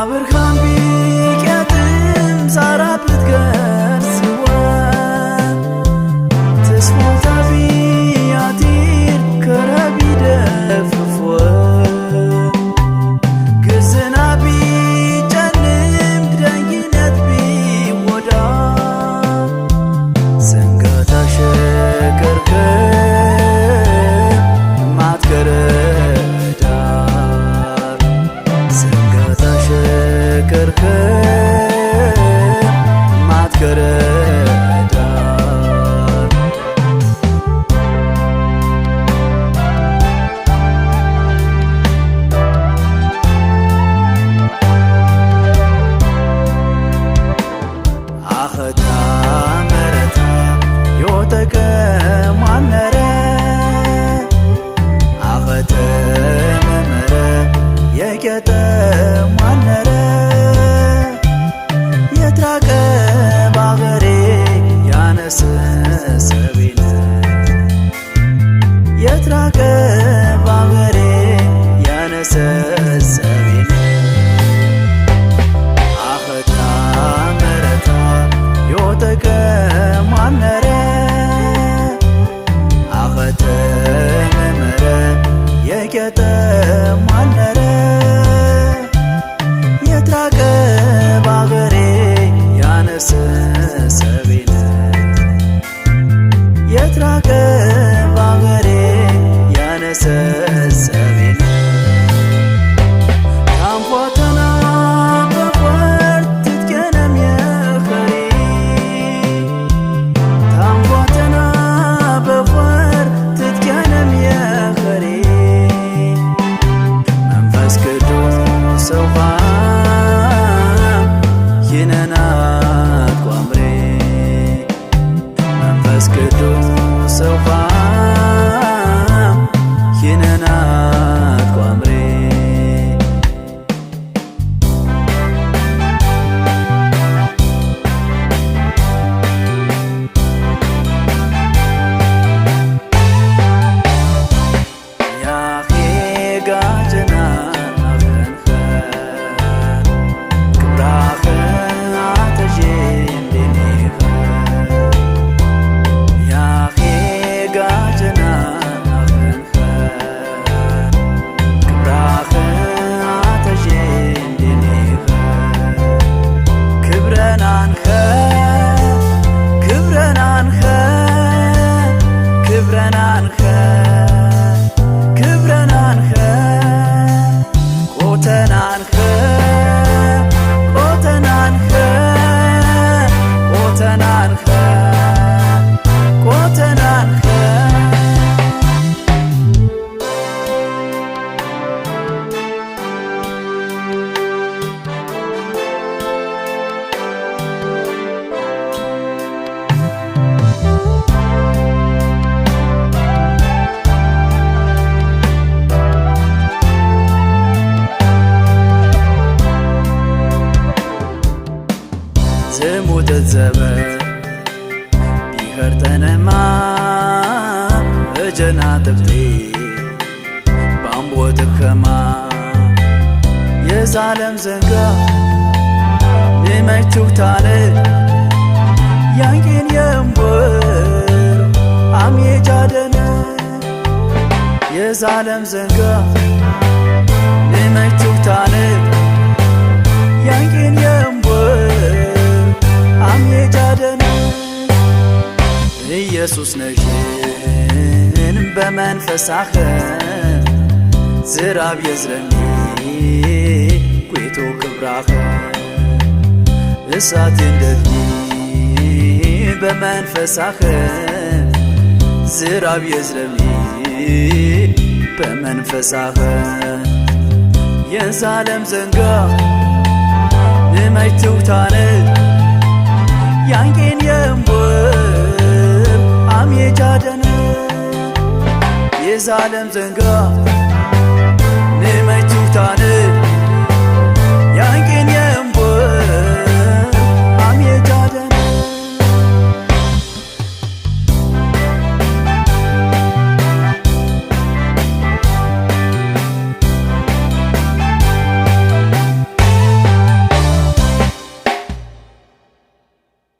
sabır ገጠም ዝሙት ዘበር ቢኸርተነማ እጀና ጥብጤ ባምቦ የዛለም ዘንጋ ንመች ትውታነ ያንኪን የምወር አምየጃደነ የዛለም ዘንጋ ንመች ኢየሱስ ነሽን በመንፈሳኸ ዝራብ የዝረኒ ቁቶ ክብራኸ እሳት እንደድኒ በመንፈሳኸ ዝራብ የዝረኒ በመንፈሳኸ የዛለም ዘንጋ ንመይትውታነ ትውታነ ያንቄን የምወ ሰላም የጃደነ የዛለም ዘንጋ ንመይቱታነ